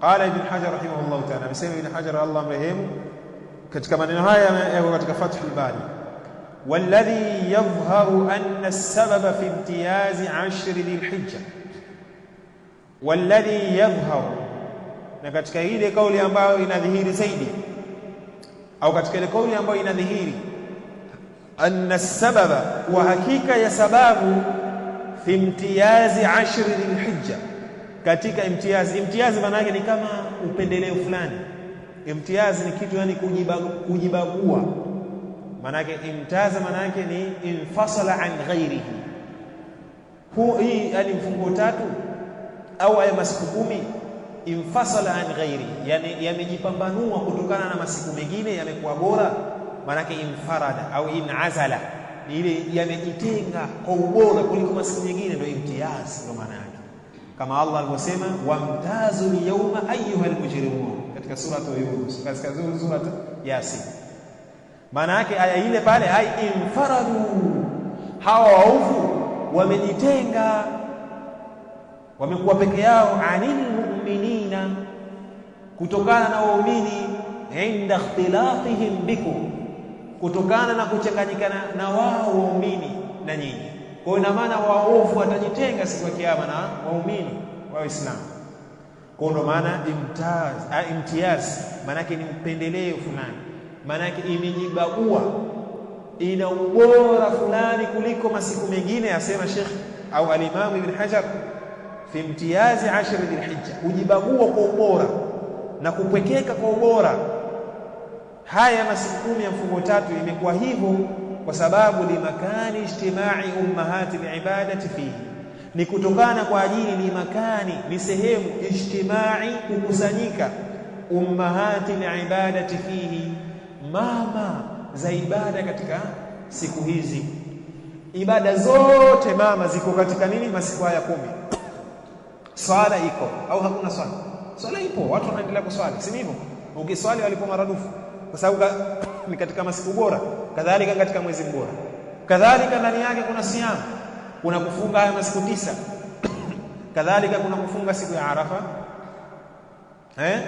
qala ibn hajar rahimahullah ta'ala amesema ibn hajar Allah mrehemu katika maneno haya yako katika fathul bari والذي يظهر أن السبب في امتياز عشر ذي الحجة والذي يظهر na katika ile kauli ambayo inadhihiri zaidi au katika ile kauli ambayo inadhihiri anna sababa wa hakika ya sababu fi imtiyazi ashri dhilhijja katika imtiazi. Imtiazi maana yake ni kama upendeleo fulani. Imtiazi ni kitu yani kujibagua, Maana yake imtaza, maana yake ni infasala an ghairihi. Hii yani mfungo tatu au aya masiku kumi infasala an ghairi, yani yamejipambanua kutokana na masiku mengine, yamekuwa bora. yake infarada au inazala, ile yamejitenga kwa ubora kuliko masiku mengine, ndio imtiazi, ndio maana yake kama Allah alivyosema, wamtazu lyauma ayuha lmujrimun, katika suratu Yunus, katika suratu Yasin. Maana yake aya ile pale, ai infaradu, hawa waovu wamejitenga, wamekuwa peke yao, anil mu'minina, kutokana na waumini, inda ikhtilafihim bikum, kutokana na kuchanganyikana na wao waumini na nyinyi kwa hiyo ina maana waovu watajitenga siku ya kiyama na waumini wa Uislamu. Kwa hiyo ndo maana imtaz, ah, imtiaz maana yake ni upendeleo fulani, maana yake imejibagua, ina ubora fulani kuliko masiku mengine, asema Sheikh au alimamu Ibn Hajar fi imtiazi ashri dhilhijja, hujibagua kwa ubora na kupwekeka kwa ubora. Haya masiku kumi ya mfungo tatu imekuwa hivyo kwa sababu makani ijtimai ummahati libadati fihi, ni kutokana kwa ajili ni makani ni sehemu ijtimai, kukusanyika ummahati libadati fihi, mama za ibada katika siku hizi. Ibada zote mama ziko katika nini? Masiku haya kumi. Swala iko au hakuna swala? Swala ipo, watu wanaendelea kuswali, si hivyo Ukiswali walipo maradufu, kwa sababu ni katika masiku bora kadhalika katika mwezi mbora kadhalika ndani yake kuna siamu kuna kufunga haya masiku tisa kadhalika kuna kufunga siku ya arafa eh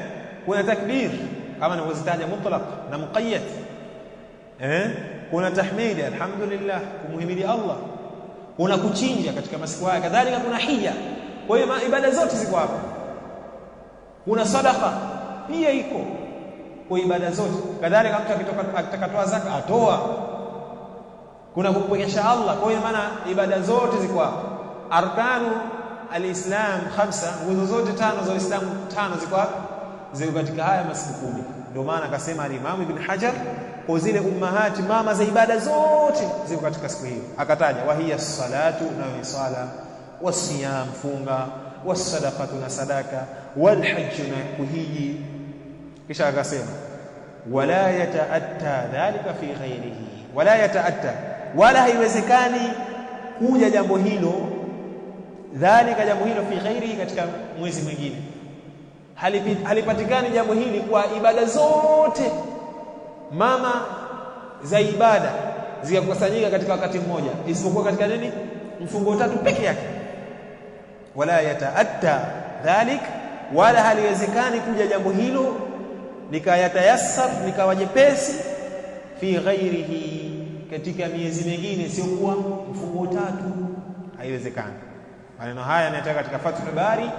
kuna takbir kama nilivyozitaja mutlaq na muqayyad eh kuna tahmid alhamdulillah kumhimidi Allah kuna kuchinja katika masiku haya kadhalika kuna hija kwa hiyo ibada zote ziko hapa kuna sadaqa pia iko kwa ibada zote. Kadhalika mtu akitoka zaka atoa, kuna kumpwekesha Allah. Kwa hiyo maana ibada zote ziko hapo, arkanu alislam khamsa, nguzo zote tano za Uislamu tano ziko hapo, ziko katika haya masiku kumi. Ndio maana akasema alimamu Ibn Hajar kwa zile ummahati mama za ibada zote ziko katika siku hiyo, akataja wahiya salatu, na ni sala, wasiyam funga, wasadaqatu na sadaka, walhajj na kuhiji kisha akasema wala yataatta dhalika fi ghairihi wala yataatta wala haiwezekani kuja jambo hilo dhalika jambo hilo fi ghairihi katika mwezi mwingine halipatikani jambo hili kwa ibada zote mama za ibada zikakusanyika katika wakati mmoja isipokuwa katika nini mfungo tatu peke yake wala yataatta dhalik wala haliwezekani kuja jambo hilo nikayatayassar nikawa jepesi fi ghairihi katika miezi mingine kwa mfumo tatu haiwezekani. Maneno haya yanataka katika Fathul Bari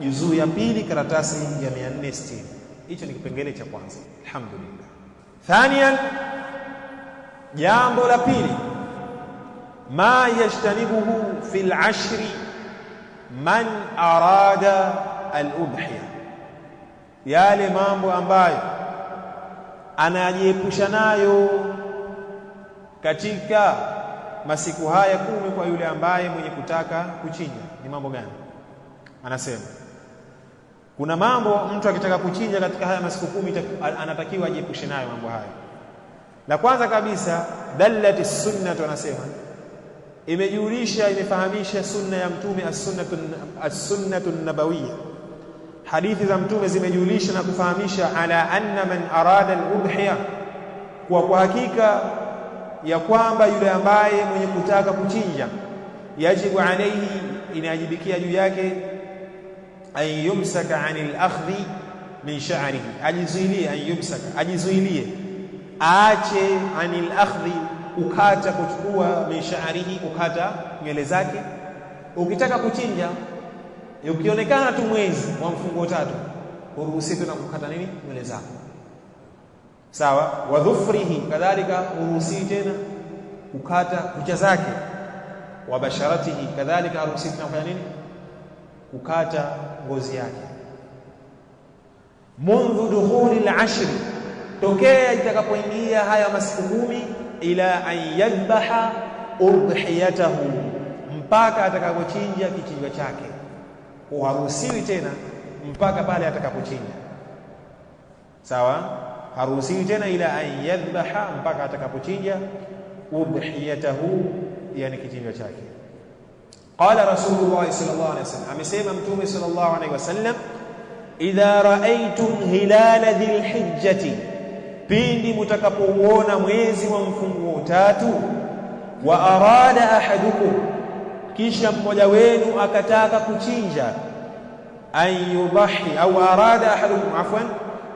juzuu ya pili karatasi ya 460. Hicho ni kipengele cha kwanza. Alhamdulillah. thania jambo la pili, ma yajtanibuhu fi lashri man arada aludhiya yale mambo ambayo anajiepusha nayo katika masiku haya kumi kwa yule ambaye mwenye kutaka kuchinja. Ni mambo gani? Anasema kuna mambo mtu akitaka kuchinja katika haya masiku kumi anatakiwa ajiepushe nayo mambo hayo. La kwanza kabisa, dallati sunna anasema imejulisha, imefahamisha sunna ya Mtume as-sunnatu an nabawiyyah Hadithi za Mtume zimejulisha na kufahamisha ala anna man arada al-udhiya, kwa kwa hakika ya kwamba yule ambaye mwenye kutaka kuchinja, yajibu alayhi, inayajibikia juu yake, an yumsaka anil akhdhi min sha'rihi, ajizuilie. ayumsaka ajizuilie, aache anil akhdhi, ukata kuchukua, min sha'rihi, ukata nywele zake. Ukitaka kuchinja Eh, ukionekana tu mwezi wa mfungo tatu tu tena kukata nini nywele zako sawa wa dhufrihi kadhalika uruhusi tena kukata kucha zake wa basharatihi kadhalika uruhusi tena kufanya nini kukata ngozi yake mundhu dukhuli al-ashr tokea itakapoingia haya masiku kumi ila an yadbaha udhiyatahu mpaka atakapochinja kichinjwa chake huharuhusiwi tena mpaka pale atakapochinja. Sawa, haruhusiwi tena ila an yadhbaha, mpaka atakapochinja udhiyatahu, yani kichinjo chake. Qala Rasulullah sallallahu alaihi wasallam, amesema Mtume sallallahu alaihi wasallam, idha raaitum hilala dhilhijjati, pindi mutakapouona mwezi wa mfunguo tatu, wa arada ahadukum kisha mmoja wenu akataka kuchinja, an yudahi au arada ahadukum afwan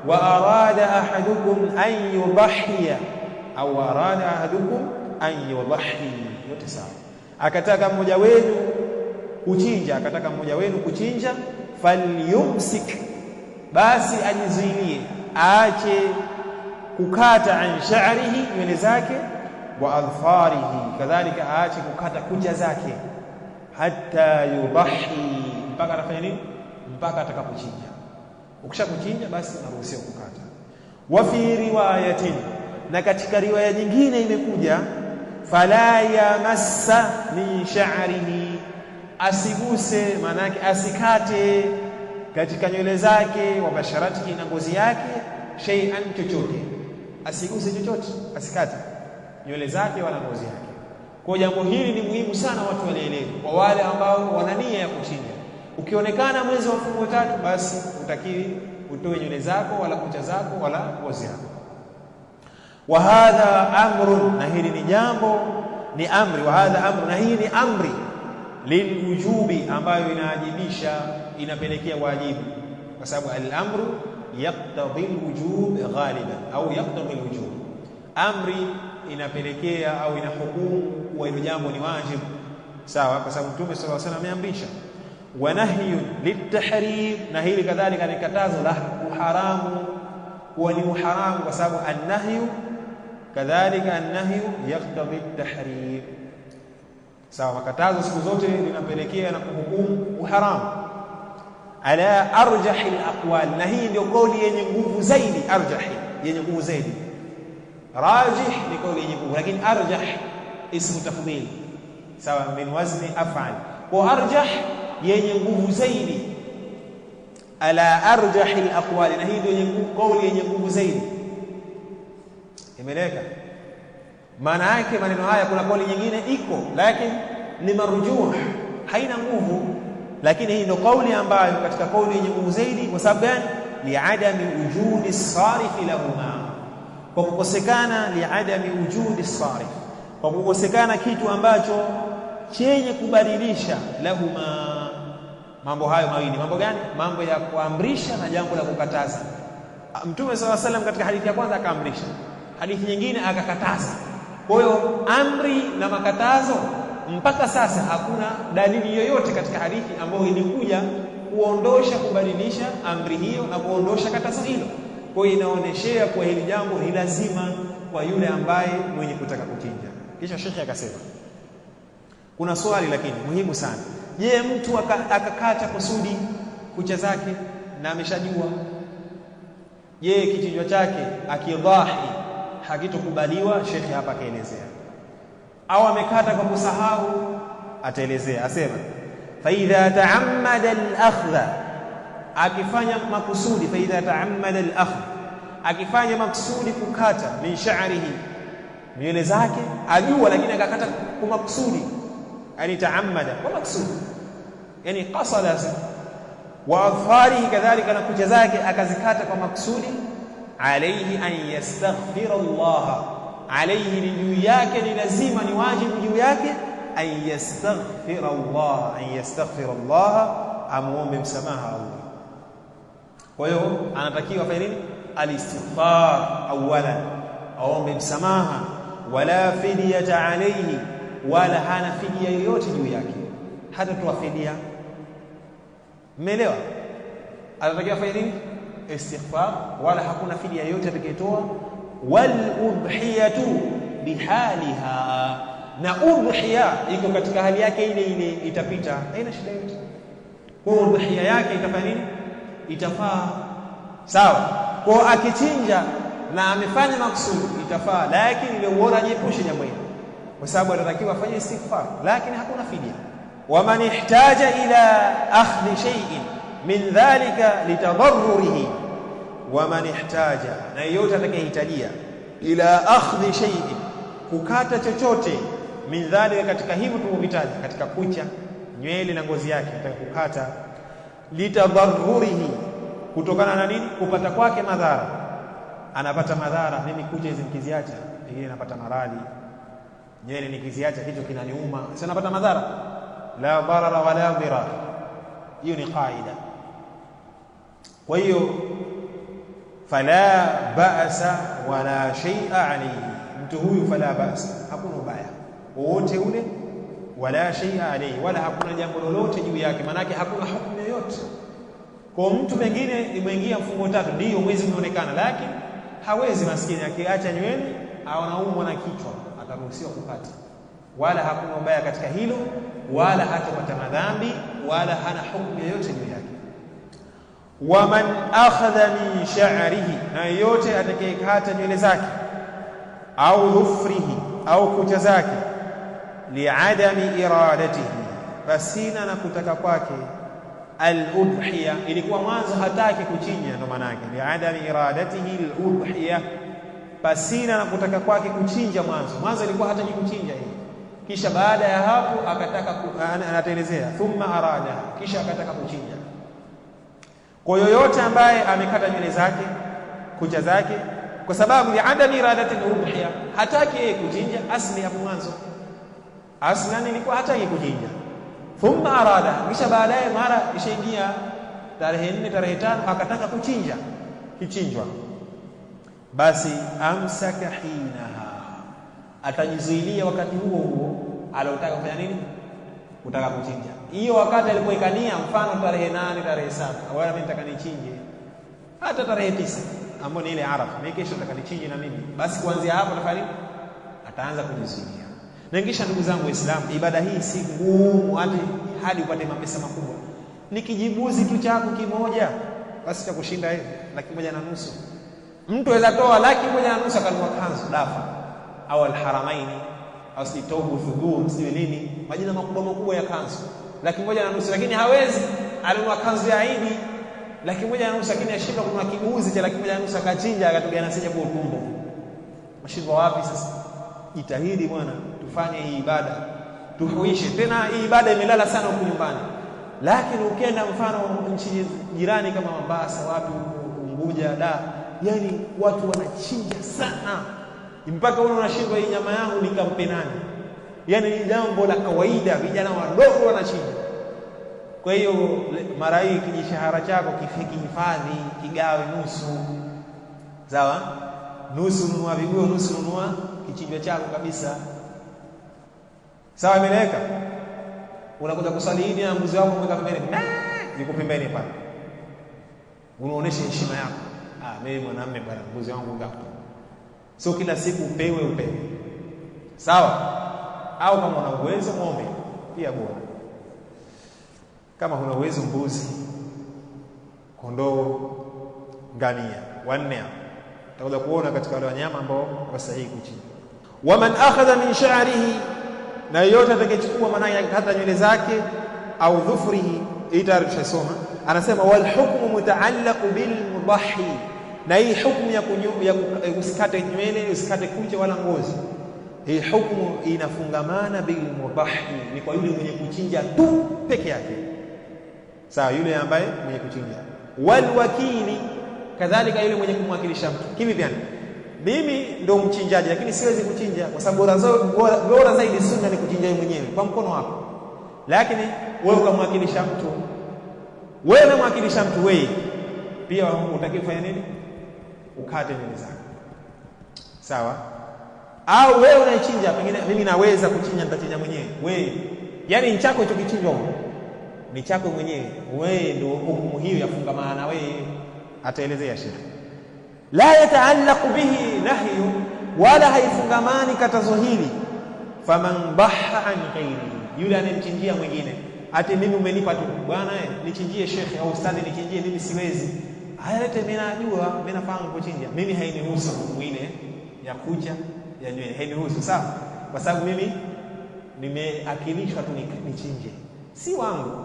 wa arada ahadukum an yudahiya au arada ahadukum an yudahi, yote sawa. Akataka mmoja wenu kuchinja, akataka mmoja wenu kuchinja, falyumsik, basi ajizuilie, aache kukata an sha'rihi, nywele zake, wa adfarihi, kadhalika aache kukata kucha zake hatta yubahi, mpaka atafanya nini? Mpaka atakapochinja Ukishakuchinja basi naruhusiwa kukata. Wa fi riwayatin, na katika riwaya nyingine imekuja fala yamassa min sha'rihi, asiguse maana yake asikate katika nywele zake, wa basharatihi, na ngozi yake, shay'an, chochote asiguse chochote, asikate nywele zake wala ngozi yake kwa jambo hili ni muhimu sana watu walielewe, kwa wale ambao wana nia ya kuchinja. Ukionekana mwezi wa fungu tatu, basi utakiwi utoe nywele zako wala kucha zako wala ngozi yako. Wa hadha amrun, na hili ni jambo ni amri. Wa hadha amru, na hii ni amri lilwujubi, ambayo inaajibisha inapelekea wajibu, kwa sababu al-amru yaqtadhi al-wujub ghaliban au yaqtadhi al-wujub, amri inapelekea au inahukumu kuwa hili jambo ni wajibu sawa kwa sababu mtume sallallahu alaihi wasallam ameamrisha wa nahyun litahrim na hili kadhalika ni katazo la haramu kuwa ni haramu kwa sababu annahyu kadhalika annahyu yaqtadi at-tahrim sawa makatazo siku zote linapelekea na kuhukumu uharamu ala arjah al-aqwal na hii ndio kauli yenye nguvu zaidi arjah yenye nguvu zaidi rajih ni kauli yenye nguvu lakini arjah ismu tafdhili sawa, min wazni afal. Kwa arjah, yenye nguvu zaidi, ala arjah alaqwali, na hii ndio kauli yenye nguvu zaidi. Imeleka maana yake maneno haya, kuna kauli nyingine iko, lakini ni marujuh haina nguvu, lakini hii ndio kauli ambayo katika kauli yenye nguvu zaidi. Kwa sababu gani? liadami wujudi sarifi lahuma, kwa kukosekana liadami wujudi sarif kwa kukosekana kitu ambacho chenye kubadilisha lahuma mambo hayo mawili. Mambo gani? Mambo ya kuamrisha na jambo la kukataza. Mtume sala salam katika hadithi ya kwanza akaamrisha, hadithi nyingine akakataza. Kwa hiyo amri na makatazo, mpaka sasa hakuna dalili yoyote katika hadithi ambayo ilikuja kuondosha kubadilisha amri hiyo na kuondosha katazo hilo. Kwa hiyo inaonyeshea kuwa hili jambo ni lazima kwa yule ambaye mwenye kutaka kuchinja. Kisha shekhe akasema kuna swali lakini muhimu sana. Je, mtu akakata kusudi kucha zake na ameshajua, je, kichinjwa chake akidhahi hakitokubaliwa? Shekhe hapa akaelezea, au amekata kwa kusahau, ataelezea asema, idha taammada al-akhdha, akifanya makusudi, faidha taammada al-akhdha, akifanya makusudi kukata min sha'rihi nywele zake ajua, lakini akakata kwa kumakusudi, alitaamada kwa makusudi, yani qasala Wa athari kadhalika, na kucha zake akazikata kwa makusudi. alayhi an yastaghfira Allah, alayhi ni juu yake, ni lazima, ni wajibu juu yake an yastaghfira Allah, an yastaghfira Allah, amuombe msamaha Allah. Kwa hiyo anatakiwa fanya nini? Alistighfar awwalan aombe msamaha wala fidyata alayhi, wala hana fidia yoyote juu yake, hata toa fidia. melewa Anatakiwa fanya nini? Istighfar, wala hakuna fidia yoyote atakayetoa. Wal udhiyatu bihaliha, na udhiya iko katika hali yake ile ile, itapita, haina shida yote. Kwa udhiya yake itafanya nini? Itafaa sawa. Kwa akichinja na amefanya maksudi itafaa, lakini ile uora ajiepushe jambo hili, kwa sababu atatakiwa afanye istighfar, lakini hakuna fidia. waman ihtaja ila akhdhi shay'in min dhalika litadarrurihi, waman ihtaja, na yote atakayehitajia ila akhdhi shay'in, kukata chochote min dhalika, katika hivyo tulivyovitaja, katika kucha, nywele na ngozi yake, atakukata kukata litadarrurihi, kutokana na nini? Kupata kwake madhara anapata madhara, mimi kucha hizi nikiziacha pengine napata maradhi, nywele nikiziacha kitu kinaniuma, sasa napata madhara. La barara wala dhira hiyo ni kaida Kwa hiyo fala ba'sa wala shay'a alayhi, mtu huyu fala ba'sa, hakuna ubaya wote ule, wala shay'a alayhi, wala hakuna jambo lolote juu yake, maanake hakuna hukumu yoyote kwa mtu. Pengine imeingia mfungo tatu, ndiyo mwezi unaonekana lakini hawezi maskini, akiacha nywele anaumwa na kichwa, ataruhusiwa kupata wala hakuna ubaya katika hilo, wala hatapata madhambi, wala hana hukumu yoyote juu yake. Waman akhadha min sha'rihi, na yeyote atakayekata nywele zake au dhufrihi au kucha zake, liadami iradatihi, pasina na kutaka kwake al-udhiya ilikuwa mwanzo hataki kuchinja, ndo maana yake liadami iradatihi al-udhiya, pasina na kutaka kwake kuchinja. Mwanzo mwanzo ilikuwa hataki kuchinja hii, kisha baada ya hapo akataka, anatelezea thumma arada, kisha akataka kuchinja. Kwa yoyote ambaye amekata nywele zake, kucha zake, kwa sababu liadami iradati al-udhiya, hataki yeye kuchinja asli ya mwanzo, aslan ilikuwa hataki kuchinja thumma arada, kisha baadaye mara ishaingia tarehe nne tarehe tano akataka kuchinja, kichinjwa basi amsaka hinaha, atajizuilia wakati huo huo aliotaka kufanya nini, kutaka kuchinja. Hiyo wakati alipoikania, mfano tarehe nane tarehe saba wala mimi nataka nichinje, hata tarehe tisa ambayo ni ile Arafa, mimi kesho nataka nichinje na mimi, basi kuanzia hapo nafanya nini? Ataanza kujizuilia na kisha ndugu zangu Waislamu, ibada hii si ngumu hadi hadi upate mapesa makubwa, ni kijibuzi tu chako kimoja basi cha kushinda hivi, laki moja na nusu. Mtu aweza toa laki moja na nusu akanunua kanzu dafa au alharamaini au si tobu thuguu msiwe nini, majina makubwa makubwa ya kanzu, laki moja na nusu. Lakini hawezi alinunua kanzu ya aidi laki moja na nusu, lakini ashinda kununua kibuzi cha laki moja na nusu, akachinja akatugana sija kwa utumbo. Mashindwa wapi sasa? Jitahidi bwana tufanye hii ibada, tuhuishe. Tena hii ibada imelala sana huko nyumbani, lakini ukienda mfano nchi jirani kama Mombasa, wapi Unguja, da, yani watu wanachinja sana, mpaka wewe unashindwa hii nyama yangu nikampe nani? Yani ni jambo la kawaida, vijana wadogo wanachinja. Kwa hiyo mara hii kijishahara chako hifadhi kigawe nusu, sawa? Nusu nunua viguo, nusu nunua kichinjwa chako kabisa sawa, imeleka. Unakuja kusali na mbuzi wako mweka pembeni, Niko pembeni pale, unaonesha heshima yako. Ah, mimi mwanamume bwana, mbuzi wangu ngapi? Sio kila siku upewe upewe, sawa. Au kama una uwezo ng'ombe pia bora, kama una uwezo mbuzi, kondoo, ngamia, wanne utakuja kuona katika wale wanyama ambao wasahihi kuchinja. waman akhadha min sha'rihi na yoyote atakayechukua maana hata nywele zake au dhufrihi, hii anasema tushasoma. Anasema walhukmu mutaallaqu bilmudahi, na hii hukmu ya eh, usikate nywele usikate kucha wala ngozi, hii hukmu inafungamana bilmudahi, ni kwa yule mwenye kuchinja tu peke yake. Sawa, yule ambaye mwenye kuchinja, walwakili kadhalika, yule mwenye kumwakilisha mtu kivi kivivyani mimi ndo mchinjaji, lakini siwezi kuchinja kwa sababu bora zaidi sunna ni kuchinja wewe mwenyewe kwa mkono wako, lakini wewe ukamwakilisha mtu, wewe unamwakilisha mtu, wewe pia unatakiwa kufanya nini? Ukate nini zako, sawa? Au wewe unaichinja, pengine mimi naweza kuchinja, nitachinja mwenyewe. Wewe yani nchako hicho kichinjwa ni chako mwenyewe, wewe ndio hukumu hiyo yafunga maana wewe, ataelezea shida la yataallaqu bihi nahyu, wala haifungamani katazo hili. Faman baha an ghairi, yule anayemchinjia mwingine. Ati mimi umenipa tu bwana, eh, nichinjie shekhe au ustadi nichinjie mimi, siwezi haya yote mimi najua, mimi nafahamu kuchinja, mimi hainihusu mwingine eh, ya kucha ya nywele hainihusu, sawa, kwa sababu mimi nimeakilishwa tu nichinje, si wangu.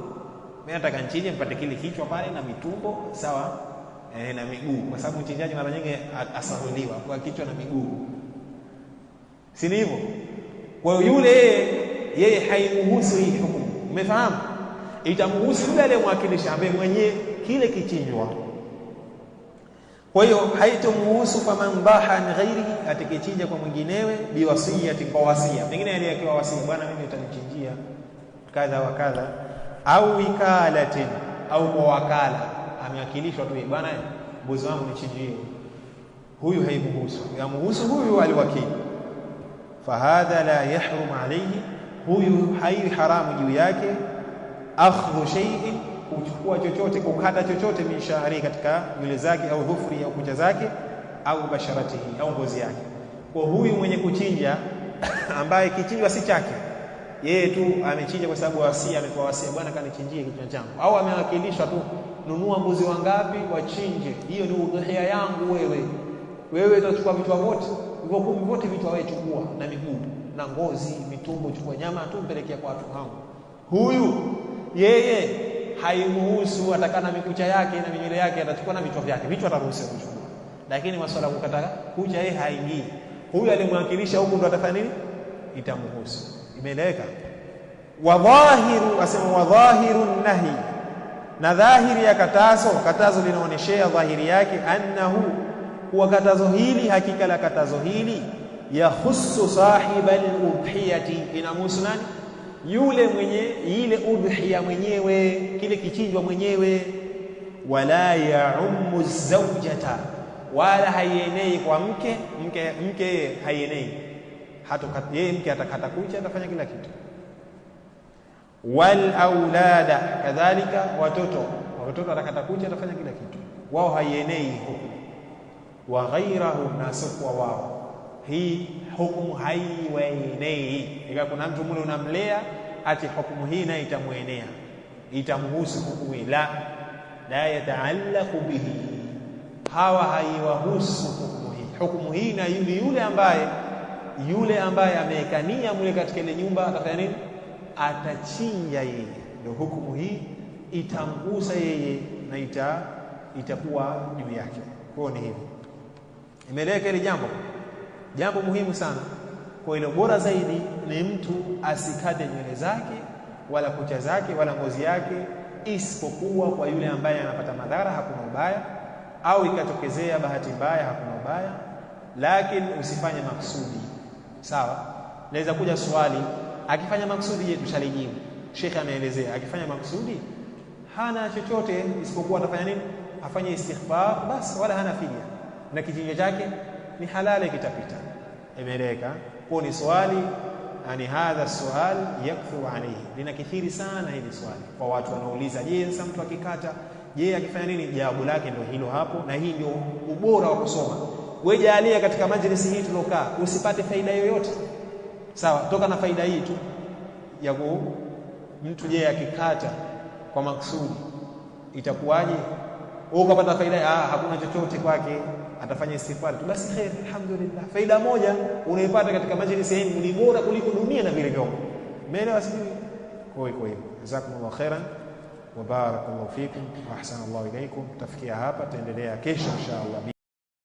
Mimi nataka nichinje, mpate kile kichwa pale na mitumbo, sawa eh, na miguu, kwa sababu mchinjaji mara nyingi asahuliwa kwa kichwa na miguu, si hivyo Kwa hiyo yule yeye haimuhusu hii hukumu, umefahamu? itamuhusu yule aliyemwakilisha ambaye mwenyewe kile kichinjwa. Kwa hiyo haitomuhusu kwa mambaha ni ghairi, atakichinja kwa mwinginewe, biwasiyati, kwa wasia, pengine aliyekiwa wasia, bwana, mimi utamchinjia kadha wa kadha, au ikalatin, au kwa wakala amewakilishwa tu bwana, mbuzi wangu nichinjie. Huyu haimuhusu, yamuhusu huyu aliwakili. Fahadha la yahrumu alayhi, huyu hai haramu juu yake. Akhdhu shay'in, kuchukua chochote, kukata chochote, min katika nywele zake au dhufri au kucha zake au basharatihi, au ngozi yake. Kwa huyu mwenye kuchinja ambaye kichinjwa si chake yeye tu amechinja kwa sababu wasia, amekuwa wasia, bwana kanichinjie kichwa changu, au amewakilishwa tu nunua mbuzi wangapi, wachinje. Hiyo ni udhuhia yangu wewe. Wewe utachukua vichwa vyote hivyo kumi vyote vitu wewe chukua, na miguu na ngozi, mitumbo, chukua nyama tu mpelekea kwa watu wangu. Huyu yeye haimuhusu, atakana mikucha yake na minywele yake, atachukua na vichwa vyake, vichwa ataruhusiwa kuchukua, lakini masuala ya kukata kucha yeye haingii. Huyu alimwakilisha huku, ndo atafanya nini? Itamuhusu. Imeeleweka? Wadhahiru asema wadhahiru nahi na dhahiri ya katazo, katazo linaoneshea dhahiri yake, annahu kuwa katazo hili, hakika la katazo hili, yahusu sahiba al-udhiyati, inamhusu nani? Yule mwenye ile udhiya mwenyewe, kile kichinjwa mwenyewe. Wala yaumu zaujata, wala haienei kwa mke. Mke mke yeye hata yeye mke atakata kucha, atafanya kila kitu wal aulada kadhalika watoto watoto atakata kuja atafanya kila kitu wao haienei huku wa ghairahu nasukwa wao hii hukumu haiwaenei ika kuna mtu mule unamlea ati hukumu hii naye itamwenea itamhusu hukumu la la yataallaqu bihi hawa haiwahusu hukumu hii hukumu hii na yule ambaye yule ambaye ameekania mule katika ile nyumba atafanya nini atachinja yeye, ndio hukumu hii itamgusa yeye na ita itakuwa juu yake. Kwa ni hivi, imeleka ile jambo. Jambo muhimu sana kwa ile, bora zaidi ni mtu asikate nywele zake wala kucha zake wala ngozi yake, isipokuwa kwa yule ambaye anapata madhara, hakuna ubaya, au ikatokezea bahati mbaya, hakuna ubaya, lakini usifanye maksudi. Sawa, naweza kuja swali akifanya maksudi je, tushalijibu. Shekhe ameelezea akifanya maksudi hana chochote isipokuwa atafanya nini? Afanye istighfar bas wala hana fidia, na kijinja chake ni halali, kitapita. Imeeleweka? Huo ni swali ani hadha sual yakthuru alayhi, kithiri sana hili swali kwa watu wanauliza, je, sasa mtu akikata, je akifanya nini? Jawabu lake ndio hilo hapo, na hii ndio ubora wa kusoma. Wewe katika majlisi hii tulokaa usipate faida yoyote sawa toka na faida hii tu ya ku mtu je akikata kwa maksudi itakuwaje? Wewe ukapata faida ah, hakuna chochote kwake, atafanya istighfar tu basi, khair, alhamdulillah. Faida moja unaipata katika majlisi hii ni bora kuliko dunia na vile vyombo. Umeelewa? Sijui koi hiyo. Jazakumullahu khairan wa barakallahu fikum wa ahsanallahu ilaykum. Tafikia hapa, taendelea kesho inshallah